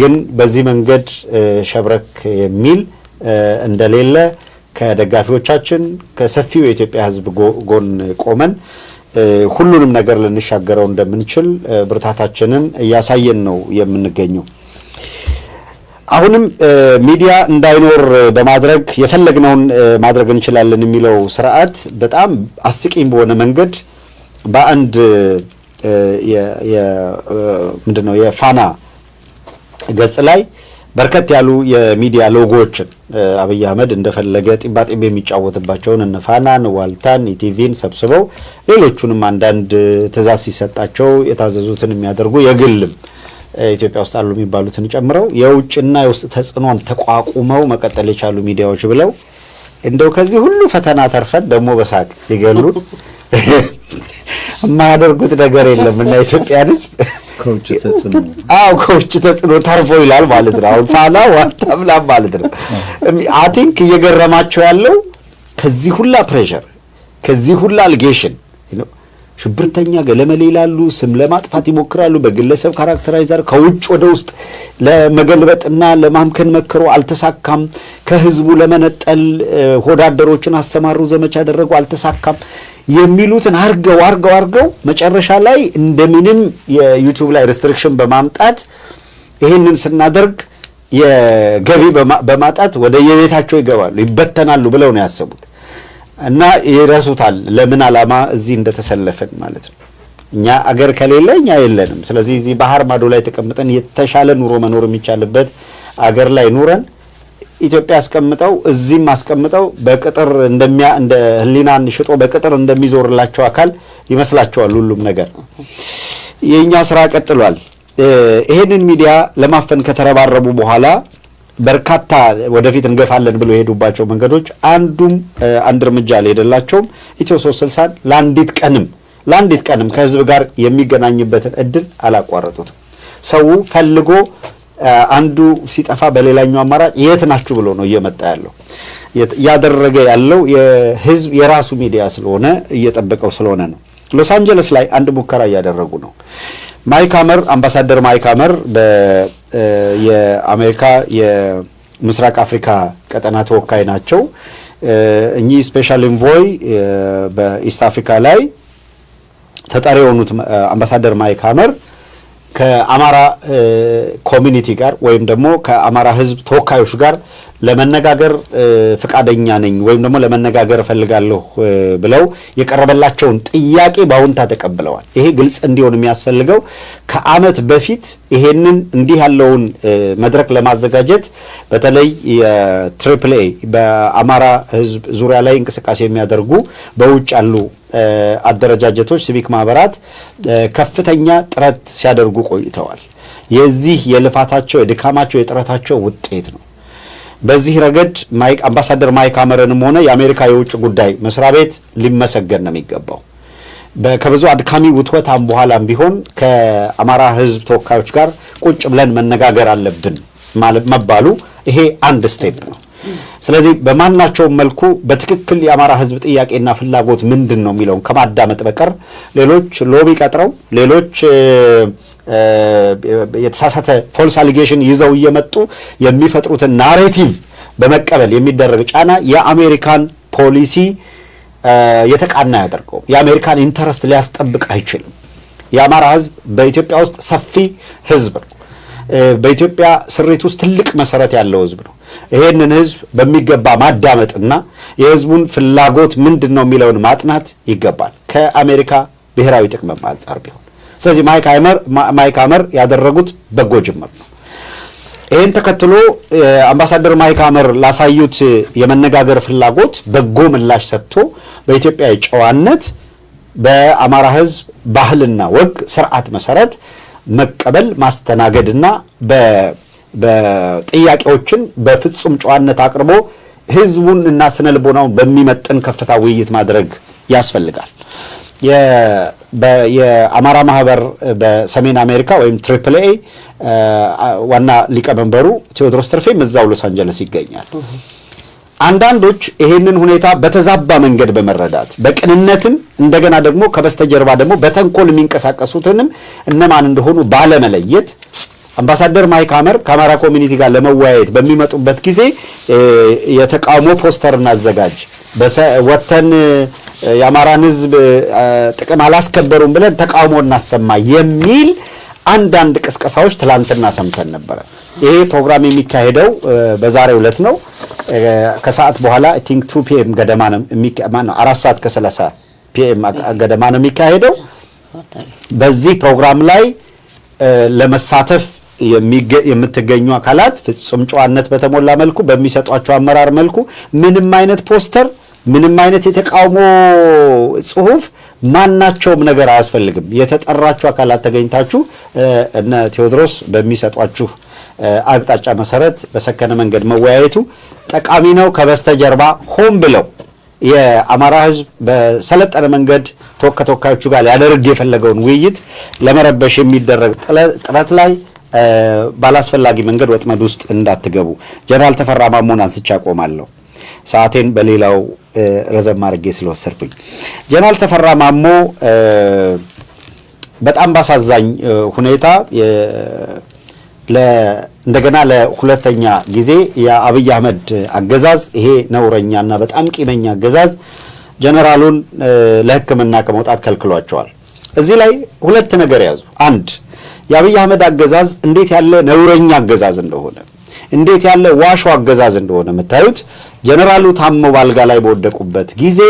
ግን በዚህ መንገድ ሸብረክ የሚል እንደሌለ ከደጋፊዎቻችን ከሰፊው የኢትዮጵያ ሕዝብ ጎን ቆመን ሁሉንም ነገር ልንሻገረው እንደምንችል ብርታታችንን እያሳየን ነው የምንገኘው። አሁንም ሚዲያ እንዳይኖር በማድረግ የፈለግነውን ማድረግ እንችላለን የሚለው ስርዓት በጣም አስቂኝ በሆነ መንገድ በአንድ ምንድን ነው የፋና ገጽ ላይ በርከት ያሉ የሚዲያ ሎጎዎችን አብይ አህመድ እንደፈለገ ጢባጢብ የሚጫወትባቸውን እነ ፋናን፣ ዋልታን፣ ኢቲቪን ሰብስበው ሌሎቹንም አንዳንድ ትዛዝ ሲሰጣቸው የታዘዙትን የሚያደርጉ የግልም ኢትዮጵያ ውስጥ አሉ የሚባሉትን ጨምረው የውጭና የውስጥ ተጽዕኖን ተቋቁመው መቀጠል የቻሉ ሚዲያዎች ብለው እንደው ከዚህ ሁሉ ፈተና ተርፈን ደግሞ በሳቅ ይገሉ የማያደርጉት ነገር የለም እና ኢትዮጵያን ህዝብ አዎ ከውጭ ተጽዕኖ ተርፎ ይላል ማለት ነው። አሁን ፋና ማለት ነው። አይ ቲንክ እየገረማቸው ያለው ከዚህ ሁላ ፕሬሽር፣ ከዚህ ሁላ አልጌሽን ሽብርተኛ ገለመሌ ይላሉ፣ ስም ለማጥፋት ይሞክራሉ፣ በግለሰብ ካራክተራይዘር ከውጭ ወደ ውስጥ ለመገልበጥና ለማምከን መከሩ፣ አልተሳካም። ከህዝቡ ለመነጠል ወዳደሮችን አሰማሩ፣ ዘመቻ ያደረጉ፣ አልተሳካም። የሚሉትን አርገው አርገው አርገው መጨረሻ ላይ እንደምንም የዩቲዩብ ላይ ሪስትሪክሽን በማምጣት ይህንን ስናደርግ የገቢ በማጣት ወደ የቤታቸው ይገባሉ፣ ይበተናሉ ብለው ነው ያሰቡት እና ይረሱታል፣ ለምን ዓላማ እዚህ እንደተሰለፈን ማለት ነው። እኛ አገር ከሌለ እኛ የለንም። ስለዚህ እዚህ ባህር ማዶ ላይ ተቀምጠን የተሻለ ኑሮ መኖር የሚቻልበት አገር ላይ ኑረን ኢትዮጵያ አስቀምጠው እዚህም አስቀምጠው በቅጥር እንደሚያ እንደ ህሊናን ሽጦ በቅጥር እንደሚዞርላቸው አካል ይመስላቸዋል ሁሉም ነገር። የእኛ ስራ ቀጥሏል። ይሄንን ሚዲያ ለማፈን ከተረባረቡ በኋላ በርካታ ወደፊት እንገፋለን ብሎ የሄዱባቸው መንገዶች አንዱም አንድ እርምጃ አልሄደላቸውም። ኢትዮ ሶስት ስልሳን ለአንዲት ቀንም ለአንዲት ቀንም ከህዝብ ጋር የሚገናኝበትን እድል አላቋረጡትም። ሰው ፈልጎ አንዱ ሲጠፋ በሌላኛው አማራጭ የት ናችሁ ብሎ ነው እየመጣ ያለው። እያደረገ ያለው የህዝብ የራሱ ሚዲያ ስለሆነ እየጠበቀው ስለሆነ ነው። ሎስ አንጀለስ ላይ አንድ ሙከራ እያደረጉ ነው። ማይክ አመር አምባሳደር ማይክ አመር የአሜሪካ የምስራቅ አፍሪካ ቀጠና ተወካይ ናቸው። እኚህ ስፔሻል ኢንቮይ በኢስት አፍሪካ ላይ ተጠሪ የሆኑት አምባሳደር ማይክ አመር? ከአማራ ኮሚኒቲ ጋር ወይም ደግሞ ከአማራ ህዝብ ተወካዮች ጋር ለመነጋገር ፍቃደኛ ነኝ ወይም ደግሞ ለመነጋገር እፈልጋለሁ ብለው የቀረበላቸውን ጥያቄ በአሁንታ ተቀብለዋል። ይሄ ግልጽ እንዲሆን የሚያስፈልገው ከዓመት በፊት ይሄንን እንዲህ ያለውን መድረክ ለማዘጋጀት በተለይ የትሪፕል ኤ በአማራ ህዝብ ዙሪያ ላይ እንቅስቃሴ የሚያደርጉ በውጭ ያሉ አደረጃጀቶች፣ ሲቪክ ማህበራት ከፍተኛ ጥረት ሲያደርጉ ቆይተዋል። የዚህ የልፋታቸው የድካማቸው የጥረታቸው ውጤት ነው። በዚህ ረገድ አምባሳደር ማይክ አመረንም ሆነ የአሜሪካ የውጭ ጉዳይ መስሪያ ቤት ሊመሰገን ነው የሚገባው። ከብዙ አድካሚ ውትወታም በኋላም ቢሆን ከአማራ ሕዝብ ተወካዮች ጋር ቁጭ ብለን መነጋገር አለብን መባሉ ይሄ አንድ ስቴፕ ነው። ስለዚህ በማናቸውም መልኩ በትክክል የአማራ ህዝብ ጥያቄና ፍላጎት ምንድን ነው የሚለውን ከማዳመጥ በቀር ሌሎች ሎቢ ቀጥረው ሌሎች የተሳሳተ ፎልስ አሊጌሽን ይዘው እየመጡ የሚፈጥሩትን ናሬቲቭ በመቀበል የሚደረግ ጫና የአሜሪካን ፖሊሲ የተቃና ያደርገው የአሜሪካን ኢንተረስት ሊያስጠብቅ አይችልም። የአማራ ህዝብ በኢትዮጵያ ውስጥ ሰፊ ህዝብ ነው። በኢትዮጵያ ስሪት ውስጥ ትልቅ መሰረት ያለው ህዝብ ነው። ይሄንን ህዝብ በሚገባ ማዳመጥና የህዝቡን ፍላጎት ምንድን ነው የሚለውን ማጥናት ይገባል፣ ከአሜሪካ ብሔራዊ ጥቅምም አንጻር ቢሆን። ስለዚህ ማይክ አመር ያደረጉት በጎ ጅምር ነው። ይህን ተከትሎ አምባሳደር ማይክ አመር ላሳዩት የመነጋገር ፍላጎት በጎ ምላሽ ሰጥቶ በኢትዮጵያ ጨዋነት በአማራ ህዝብ ባህልና ወግ ስርዓት መሰረት መቀበል ማስተናገድና ጥያቄዎችን በፍጹም ጨዋነት አቅርቦ ህዝቡን እና ስነ ልቦናውን በሚመጥን ከፍታ ውይይት ማድረግ ያስፈልጋል። የአማራ ማህበር በሰሜን አሜሪካ ወይም ትሪፕል ኤ ዋና ሊቀመንበሩ ቴዎድሮስ ትርፌም እዛው ሎስ አንጀለስ ይገኛል። አንዳንዶች ይሄንን ሁኔታ በተዛባ መንገድ በመረዳት በቅንነትም እንደገና ደግሞ ከበስተጀርባ ደግሞ በተንኮል የሚንቀሳቀሱትንም እነማን እንደሆኑ ባለመለየት አምባሳደር ማይክ አመር ከአማራ ኮሚኒቲ ጋር ለመወያየት በሚመጡበት ጊዜ የተቃውሞ ፖስተር እናዘጋጅ፣ ወተን የአማራን ሕዝብ ጥቅም አላስከበሩም ብለን ተቃውሞ እናሰማ የሚል አንዳንድ ቅስቀሳዎች ትላንትና ሰምተን ነበረ። ይሄ ፕሮግራም የሚካሄደው በዛሬው ዕለት ነው። ከሰዓት በኋላ አይ ቲንክ ቱ ፒኤም ገደማ ነው አራት ሰዓት ከሰላሳ ፒኤም ገደማ ነው የሚካሄደው። በዚህ ፕሮግራም ላይ ለመሳተፍ የምትገኙ አካላት ፍጹም ጨዋነት በተሞላ መልኩ በሚሰጧቸው አመራር መልኩ ምንም አይነት ፖስተር፣ ምንም አይነት የተቃውሞ ጽሁፍ፣ ማናቸውም ነገር አያስፈልግም። የተጠራችሁ አካላት ተገኝታችሁ እነ ቴዎድሮስ በሚሰጧችሁ አቅጣጫ መሰረት በሰከነ መንገድ መወያየቱ ጠቃሚ ነው። ከበስተጀርባ ሆን ብለው የአማራ ሕዝብ በሰለጠነ መንገድ ከተወካዮቹ ጋር ሊያደርግ የፈለገውን ውይይት ለመረበሽ የሚደረግ ጥረት ላይ ባላስፈላጊ መንገድ ወጥመድ ውስጥ እንዳትገቡ። ጀነራል ተፈራ ማሞን አንስቼ አቆማለሁ፣ ሰዓቴን በሌላው ረዘም አድርጌ ስለወሰድኩኝ። ጀነራል ተፈራ ማሞ በጣም ባሳዛኝ ሁኔታ እንደገና ለሁለተኛ ጊዜ የአብይ አህመድ አገዛዝ ይሄ ነውረኛና በጣም ቂመኛ አገዛዝ ጀነራሉን ለሕክምና ከመውጣት ከልክሏቸዋል። እዚህ ላይ ሁለት ነገር ያዙ። አንድ የአብይ አህመድ አገዛዝ እንዴት ያለ ነውረኛ አገዛዝ እንደሆነ እንዴት ያለ ዋሾ አገዛዝ እንደሆነ የምታዩት ጀነራሉ ታመው ባልጋ ላይ በወደቁበት ጊዜ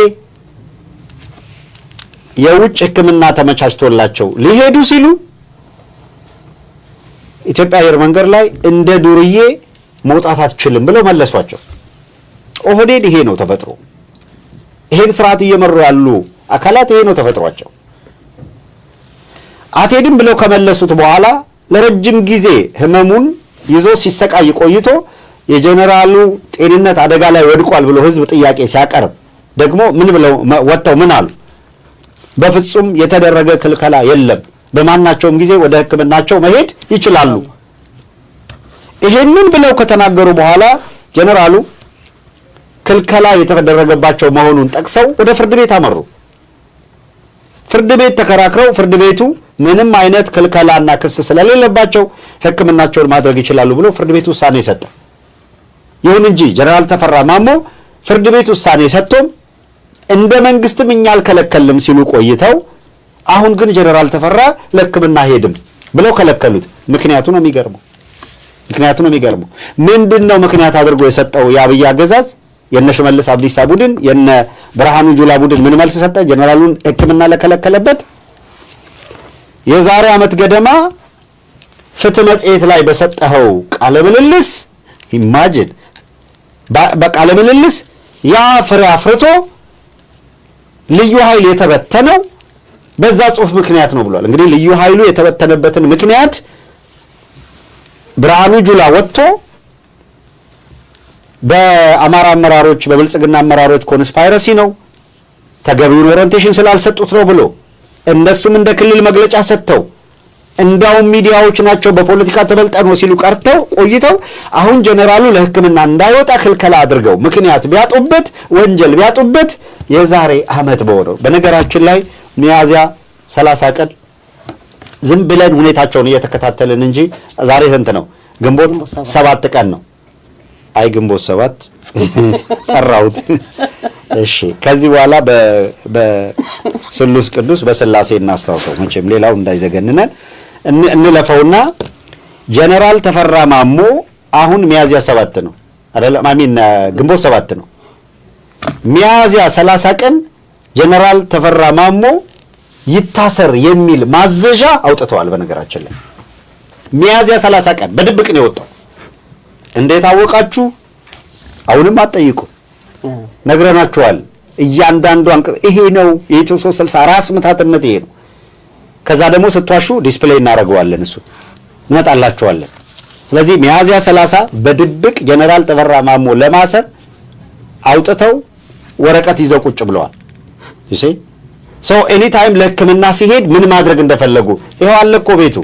የውጭ ሕክምና ተመቻችቶላቸው ሊሄዱ ሲሉ ኢትዮጵያ አየር መንገድ ላይ እንደ ዱርዬ መውጣት አትችልም ብለው መለሷቸው። ኦህዴድ ይሄ ነው ተፈጥሮ። ይሄን ስርዓት እየመሩ ያሉ አካላት ይሄ ነው ተፈጥሯቸው። አትሄድም ብለው ከመለሱት በኋላ ለረጅም ጊዜ ህመሙን ይዞ ሲሰቃይ ቆይቶ የጀኔራሉ ጤንነት አደጋ ላይ ወድቋል ብሎ ህዝብ ጥያቄ ሲያቀርብ ደግሞ ምን ብለው ወጥተው ምን አሉ? በፍጹም የተደረገ ክልከላ የለም፣ በማናቸውም ጊዜ ወደ ህክምናቸው መሄድ ይችላሉ። ይሄንን ብለው ከተናገሩ በኋላ ጀኔራሉ ክልከላ የተደረገባቸው መሆኑን ጠቅሰው ወደ ፍርድ ቤት አመሩ። ፍርድ ቤት ተከራክረው ፍርድ ቤቱ ምንም አይነት ክልከላና ክስ ስለሌለባቸው ህክምናቸውን ማድረግ ይችላሉ ብሎ ፍርድ ቤት ውሳኔ ሰጠ። ይሁን እንጂ ጀነራል ተፈራ ማሞ ፍርድ ቤት ውሳኔ ሰጥቶም እንደ መንግስትም እኛ አልከለከልም ሲሉ ቆይተው አሁን ግን ጀነራል ተፈራ ለህክምና ሄድም ብለው ከለከሉት። ምክንያቱ ነው የሚገርመው። ምክንያቱ ነው የሚገርመው። ምንድን ነው ምክንያት አድርጎ የሰጠው የአብይ አገዛዝ የነ ሽመልስ አብዲሳ ቡድን የነ ብርሃኑ ጁላ ቡድን ምን መልስ ሰጠ? ጀነራሉን ህክምና ለከለከለበት የዛሬ ዓመት ገደማ ፍትህ መጽሔት ላይ በሰጠኸው ቃለ ምልልስ ኢማጅን በቃለ ምልልስ ያ ፍሬ አፍርቶ ልዩ ኃይል የተበተነው በዛ ጽሁፍ ምክንያት ነው ብሏል። እንግዲህ ልዩ ኃይሉ የተበተነበትን ምክንያት ብርሃኑ ጁላ ወጥቶ በአማራ አመራሮች፣ በብልጽግና አመራሮች ኮንስፓይረሲ ነው ተገቢውን ኦሪንቴሽን ስላልሰጡት ነው ብሎ እነሱም እንደ ክልል መግለጫ ሰጥተው እንዳውም ሚዲያዎች ናቸው በፖለቲካ ተበልጠ ነው ሲሉ ቀርተው ቆይተው አሁን ጀኔራሉ ለሕክምና እንዳይወጣ ክልከላ አድርገው ምክንያት ቢያጡበት ወንጀል ቢያጡበት የዛሬ ዓመት በሆነው በነገራችን ላይ ሚያዝያ 30 ቀን ዝም ብለን ሁኔታቸውን እየተከታተልን እንጂ ዛሬ ስንት ነው? ግንቦት ሰባት ቀን ነው። አይ ግንቦት ሰባት ጠራሁት። እሺ ከዚህ በኋላ በስሉስ ቅዱስ በስላሴ እናስታውሰው። መቼም ሌላው እንዳይዘገንነን እንለፈውና ጀነራል ተፈራ ማሞ አሁን ሚያዚያ ሰባት ነው አይደለም? አሚን ግንቦት ሰባት ነው። ሚያዚያ ሰላሳ ቀን ጀነራል ተፈራ ማሞ ይታሰር የሚል ማዘዣ አውጥተዋል። በነገራችን ላይ ሚያዚያ ሰላሳ ቀን በድብቅ ነው የወጣው። እንዴት አወቃችሁ? አሁንም አጠይቁ ነግረናችኋል። እያንዳንዱ አንቀጽ ይሄ ነው የኢትዮ 360 ራስ ምታትነት ይሄ ነው። ከዛ ደግሞ ስትዋሹ ዲስፕሌይ እናደርገዋለን፣ እሱ እንመጣላችኋለን። ስለዚህ ሚያዝያ 30 በድብቅ ጀነራል ተበራ ማሞ ለማሰር አውጥተው ወረቀት ይዘው ቁጭ ብለዋል። እሺ ሰው ኤኒ ታይም ለሕክምና ሲሄድ ምን ማድረግ እንደፈለጉ ይኸው አለ እኮ ቤቱ።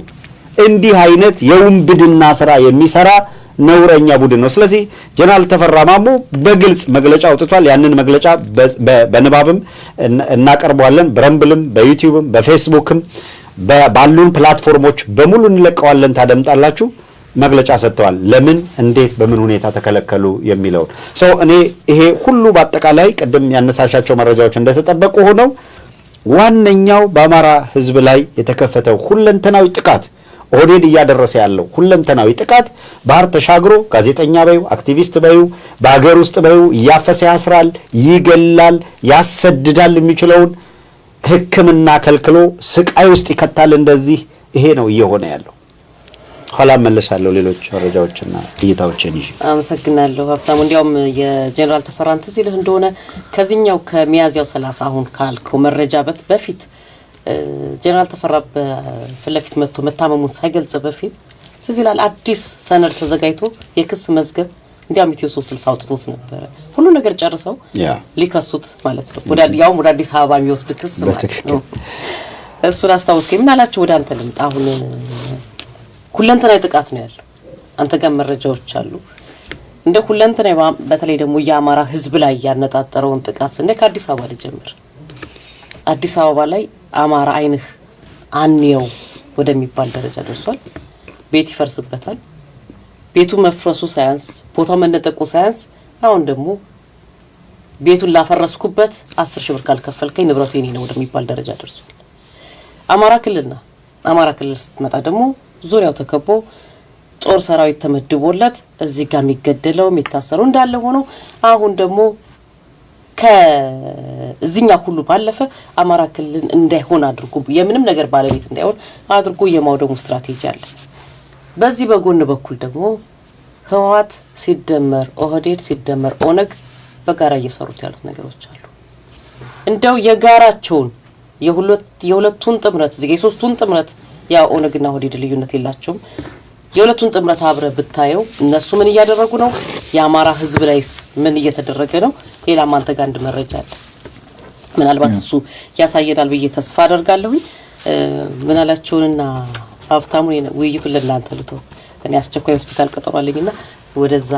እንዲህ አይነት የውንብድና ስራ የሚሰራ ነውረኛ ቡድን ነው። ስለዚህ ጀነራል ተፈራ ማሞ በግልጽ መግለጫ አውጥቷል። ያንን መግለጫ በንባብም እናቀርበዋለን። በረምብልም፣ በዩቲዩብም፣ በፌስቡክም ባሉን ፕላትፎርሞች በሙሉ እንለቀዋለን። ታደምጣላችሁ። መግለጫ ሰጥተዋል። ለምን፣ እንዴት፣ በምን ሁኔታ ተከለከሉ የሚለውን ሰው እኔ ይሄ ሁሉ በአጠቃላይ ቅድም ያነሳሻቸው መረጃዎች እንደተጠበቁ ሆነው ዋነኛው በአማራ ሕዝብ ላይ የተከፈተው ሁለንተናዊ ጥቃት ኦህዴድ እያደረሰ ያለው ሁለንተናዊ ጥቃት ባህር ተሻግሮ ጋዜጠኛ በዩ፣ አክቲቪስት በዩ፣ በሀገር ውስጥ በዩ እያፈሰ ያስራል፣ ይገላል፣ ያሰድዳል፣ የሚችለውን ሕክምና ከልክሎ ስቃይ ውስጥ ይከታል። እንደዚህ ይሄ ነው እየሆነ ያለው። ኋላ መለሳለሁ። ሌሎች መረጃዎችና እይታዎችን ይዤ አመሰግናለሁ ሀብታሙ። እንዲያውም የጀኔራል ተፈራን ትዝ ይልህ እንደሆነ ከዚህኛው ከሚያዝያው ሰላሳ አሁን ካልከው መረጃ በፊት ጀነራል ተፈራ ፊት ለፊት መጥቶ መታመሙን ሳይገልጽ በፊት ትዝ ይላል አዲስ ሰነድ ተዘጋጅቶ የክስ መዝገብ እንዲያውም ኢትዮ ሶስት ስልሳ አውጥቶት ነበረ። ሁሉ ነገር ጨርሰው ሊከሱት ማለት ነው። ያውም ወደ አዲስ አበባ የሚወስድ ክስ ማለት ነው። እሱን አስታውስከኝ። ምን አላቸው? ወደ አንተ ልምጣ። አሁን ሁለንተናዊ ጥቃት ነው ያለው። አንተ ጋር መረጃዎች አሉ እንደ ሁለንተናዊ፣ በተለይ ደግሞ የአማራ ሕዝብ ላይ ያነጣጠረውን ጥቃት ስናይ ከአዲስ አበባ ልጀምር። አዲስ አበባ ላይ አማራ አይንህ አንየው ወደሚባል ደረጃ ደርሷል። ቤት ይፈርስበታል። ቤቱ መፍረሱ ሳያንስ ቦታው መነጠቁ ሳያንስ አሁን ደግሞ ቤቱን ላፈረስኩበት አስር ሺህ ብር ካልከፈልከኝ ንብረቱ የኔ ነው ወደሚባል ደረጃ ደርሷል። አማራ ክልልና አማራ ክልል ስትመጣ ደግሞ ዙሪያው ተከቦ ጦር ሰራዊት ተመድቦለት እዚህ ጋር የሚገደለው የሚታሰረው እንዳለ ሆኖ አሁን ደግሞ ከዚኛ ሁሉ ባለፈ አማራ ክልል እንዳይሆን አድርጎ የምንም ነገር ባለቤት እንዳይሆን አድርጎ የማውደሙ ስትራቴጂ አለ። በዚህ በጎን በኩል ደግሞ ህወሓት ሲደመር ኦህዴድ ሲደመር ኦነግ በጋራ እየሰሩት ያሉት ነገሮች አሉ። እንደው የጋራቸውን የሁለቱን ጥምረት የሶስቱን ጥምረት ያ ኦነግና ኦህዴድ ልዩነት የላቸውም የሁለቱን ጥምረት አብረ ብታየው እነሱ ምን እያደረጉ ነው፣ የአማራ ህዝብ ላይስ ምን እየተደረገ ነው? ሌላም አንተ ጋር አንድ መረጃ አለ። ምናልባት እሱ ያሳየናል ብዬ ተስፋ አደርጋለሁኝ። ምናላቸውንና ሀብታሙ ውይይቱን ለእናንተ ልቶ እኔ አስቸኳይ ሆስፒታል ቀጠሯለኝና ወደዛ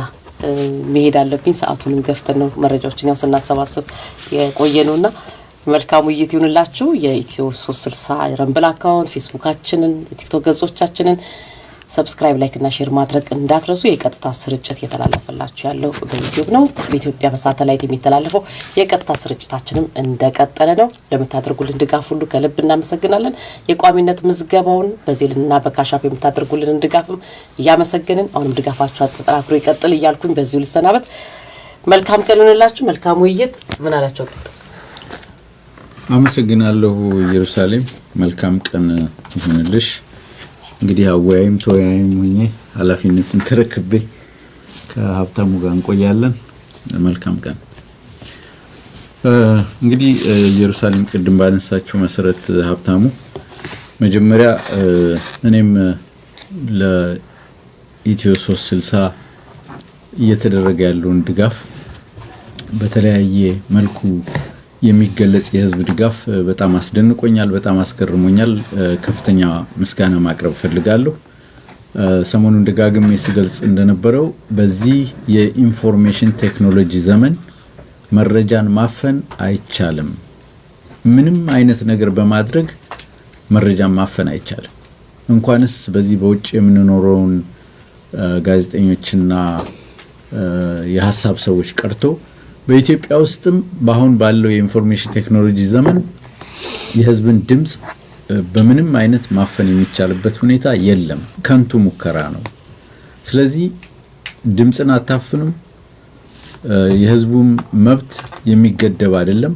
መሄድ አለብኝ። ሰዓቱንም ገፍተን ነው መረጃዎችን ያው ስናሰባስብ የቆየ ነውና መልካም ውይይት ይሁንላችሁ። የኢትዮ ሶስት ስልሳ ረንብል አካውንት ፌስቡካችንን፣ የቲክቶክ ገጾቻችንን ሰብስክራይብ፣ ላይክ እና ሼር ማድረግ እንዳትረሱ። የቀጥታ ስርጭት እየተላለፈላችሁ ያለው በዩቲዩብ ነው። በኢትዮጵያ በሳተላይት የሚተላለፈው የቀጥታ ስርጭታችንም እንደቀጠለ ነው። ለምታደርጉልን ድጋፍ ሁሉ ከልብ እናመሰግናለን። የቋሚነት ምዝገባውን በዜልና በካሻፕ የምታደርጉልንን ድጋፍም እያመሰገንን አሁንም ድጋፋችሁ አጠጠራክሮ ይቀጥል እያልኩኝ በዚሁ ልሰናበት። መልካም ቀን ይሆንላችሁ። መልካም ውይይት። ምን አላቸው? አመሰግናለሁ። ኢየሩሳሌም መልካም ቀን ይሁንልሽ። እንግዲህ አወያይም ተወያይም ሆኜ ኃላፊነቱን ተረክቤ ከሀብታሙ ጋር እንቆያለን። መልካም ቀን። እንግዲህ ኢየሩሳሌም ቅድም ባነሳችው መሰረት ሀብታሙ፣ መጀመሪያ እኔም ለኢትዮ ሶስት ስልሳ እየተደረገ ያለውን ድጋፍ በተለያየ መልኩ የሚገለጽ የህዝብ ድጋፍ በጣም አስደንቆኛል፣ በጣም አስገርሞኛል። ከፍተኛ ምስጋና ማቅረብ ፈልጋለሁ ሰሞኑን ደጋግሜ ስገልጽ እንደነበረው በዚህ የኢንፎርሜሽን ቴክኖሎጂ ዘመን መረጃን ማፈን አይቻልም። ምንም አይነት ነገር በማድረግ መረጃን ማፈን አይቻልም። እንኳንስ በዚህ በውጭ የምንኖረውን ጋዜጠኞችና የሀሳብ ሰዎች ቀርቶ በኢትዮጵያ ውስጥም በአሁን ባለው የኢንፎርሜሽን ቴክኖሎጂ ዘመን የህዝብን ድምፅ በምንም አይነት ማፈን የሚቻልበት ሁኔታ የለም። ከንቱ ሙከራ ነው። ስለዚህ ድምፅን አታፍንም። የህዝቡም መብት የሚገደብ አይደለም።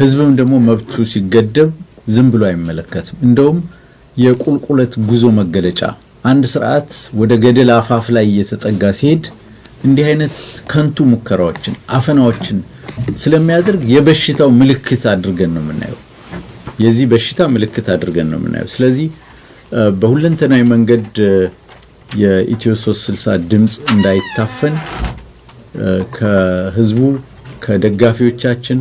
ህዝብም ደግሞ መብቱ ሲገደብ ዝም ብሎ አይመለከትም። እንደውም የቁልቁለት ጉዞ መገለጫ አንድ ስርዓት ወደ ገደል አፋፍ ላይ እየተጠጋ ሲሄድ እንዲህ አይነት ከንቱ ሙከራዎችን፣ አፈናዎችን ስለሚያደርግ የበሽታው ምልክት አድርገን ነው የምናየው። የዚህ በሽታ ምልክት አድርገን ነው የምናየው። ስለዚህ በሁለንተናዊ መንገድ የኢትዮ 360 ድምፅ እንዳይታፈን ከህዝቡ ከደጋፊዎቻችን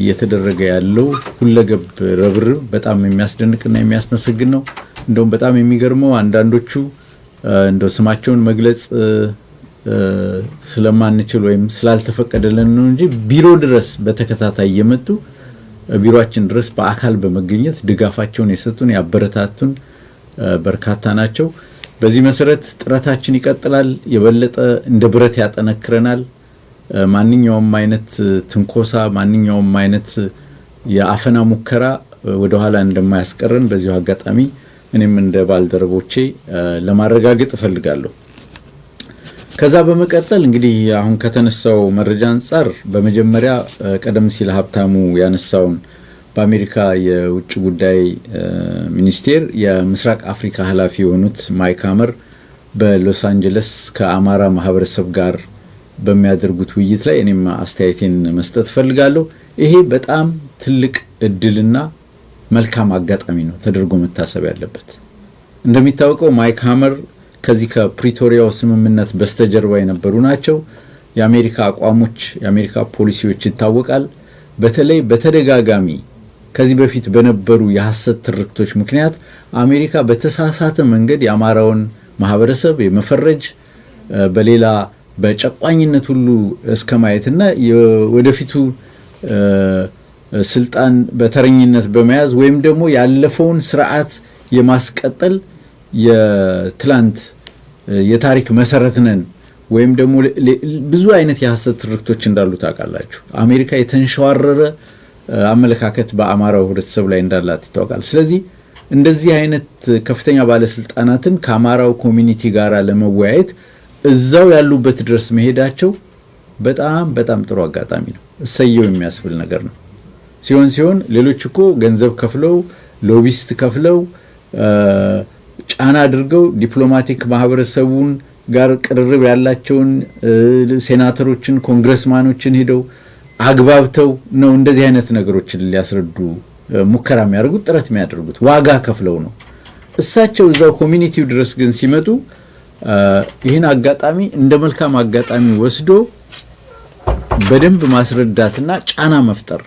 እየተደረገ ያለው ሁለገብ ርብርብ በጣም የሚያስደንቅና የሚያስመሰግን ነው። እንደውም በጣም የሚገርመው አንዳንዶቹ እንደው ስማቸውን መግለጽ ስለማንችል ወይም ስላልተፈቀደልን ነው እንጂ ቢሮ ድረስ በተከታታይ እየመጡ ቢሮአችን ድረስ በአካል በመገኘት ድጋፋቸውን የሰጡን ያበረታቱን በርካታ ናቸው። በዚህ መሰረት ጥረታችን ይቀጥላል። የበለጠ እንደ ብረት ያጠነክረናል። ማንኛውም አይነት ትንኮሳ፣ ማንኛውም አይነት የአፈና ሙከራ ወደኋላ እንደማያስቀረን በዚሁ አጋጣሚ እኔም እንደ ባልደረቦቼ ለማረጋገጥ እፈልጋለሁ። ከዛ በመቀጠል እንግዲህ አሁን ከተነሳው መረጃ አንጻር በመጀመሪያ ቀደም ሲል ሀብታሙ ያነሳውን በአሜሪካ የውጭ ጉዳይ ሚኒስቴር የምስራቅ አፍሪካ ኃላፊ የሆኑት ማይክ ሀመር በሎስ አንጀለስ ከአማራ ማህበረሰብ ጋር በሚያደርጉት ውይይት ላይ እኔም አስተያየቴን መስጠት እፈልጋለሁ። ይሄ በጣም ትልቅ እድልና መልካም አጋጣሚ ነው ተደርጎ መታሰብ ያለበት። እንደሚታወቀው ማይክ ሀመር ከዚህ ከፕሪቶሪያው ስምምነት በስተጀርባ የነበሩ ናቸው። የአሜሪካ አቋሞች፣ የአሜሪካ ፖሊሲዎች ይታወቃል። በተለይ በተደጋጋሚ ከዚህ በፊት በነበሩ የሐሰት ትርክቶች ምክንያት አሜሪካ በተሳሳተ መንገድ የአማራውን ማህበረሰብ የመፈረጅ በሌላ በጨቋኝነት ሁሉ እስከ ማየትና ወደፊቱ ስልጣን በተረኝነት በመያዝ ወይም ደግሞ ያለፈውን ስርዓት የማስቀጠል የትላንት የታሪክ መሰረት ነን ወይም ደግሞ ብዙ አይነት የሐሰት ትርክቶች እንዳሉ ታውቃላችሁ። አሜሪካ የተንሸዋረረ አመለካከት በአማራው ህብረተሰብ ላይ እንዳላት ይታወቃል። ስለዚህ እንደዚህ አይነት ከፍተኛ ባለስልጣናትን ከአማራው ኮሚኒቲ ጋር ለመወያየት እዛው ያሉበት ድረስ መሄዳቸው በጣም በጣም ጥሩ አጋጣሚ ነው። እሰየው የሚያስብል ነገር ነው። ሲሆን ሲሆን ሌሎች እኮ ገንዘብ ከፍለው ሎቢስት ከፍለው ጫና አድርገው ዲፕሎማቲክ ማህበረሰቡን ጋር ቅርርብ ያላቸውን ሴናተሮችን፣ ኮንግረስማኖችን ሄደው አግባብተው ነው እንደዚህ አይነት ነገሮችን ሊያስረዱ ሙከራ የሚያደርጉት ጥረት የሚያደርጉት ዋጋ ከፍለው ነው። እሳቸው እዛው ኮሚኒቲው ድረስ ግን ሲመጡ ይህን አጋጣሚ እንደ መልካም አጋጣሚ ወስዶ በደንብ ማስረዳትና ጫና መፍጠር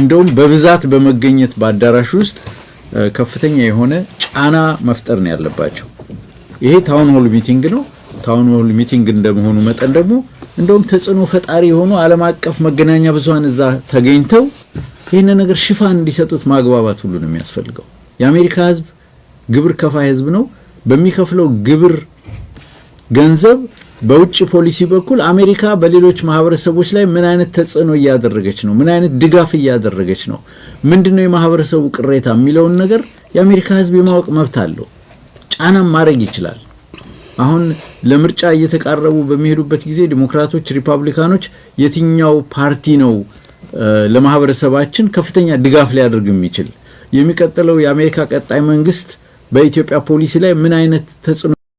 እንደውም በብዛት በመገኘት በአዳራሽ ውስጥ ከፍተኛ የሆነ ጫና መፍጠር ነው ያለባቸው። ይሄ ታውን ሆል ሚቲንግ ነው። ታውን ሆል ሚቲንግ እንደመሆኑ መጠን ደግሞ እንደውም ተጽዕኖ ፈጣሪ የሆኑ ዓለም አቀፍ መገናኛ ብዙሃን እዛ ተገኝተው ይህን ነገር ሽፋን እንዲሰጡት ማግባባት ሁሉ ነው የሚያስፈልገው። የአሜሪካ ህዝብ ግብር ከፋይ ህዝብ ነው። በሚከፍለው ግብር ገንዘብ በውጭ ፖሊሲ በኩል አሜሪካ በሌሎች ማህበረሰቦች ላይ ምን አይነት ተጽዕኖ እያደረገች ነው? ምን አይነት ድጋፍ እያደረገች ነው? ምንድነው የማህበረሰቡ ቅሬታ የሚለውን ነገር የአሜሪካ ህዝብ የማወቅ መብት አለው። ጫናም ማድረግ ይችላል። አሁን ለምርጫ እየተቃረቡ በሚሄዱበት ጊዜ ዲሞክራቶች፣ ሪፐብሊካኖች የትኛው ፓርቲ ነው ለማህበረሰባችን ከፍተኛ ድጋፍ ሊያደርግ የሚችል የሚቀጥለው የአሜሪካ ቀጣይ መንግስት በኢትዮጵያ ፖሊሲ ላይ ምን አይነት ተጽዕኖ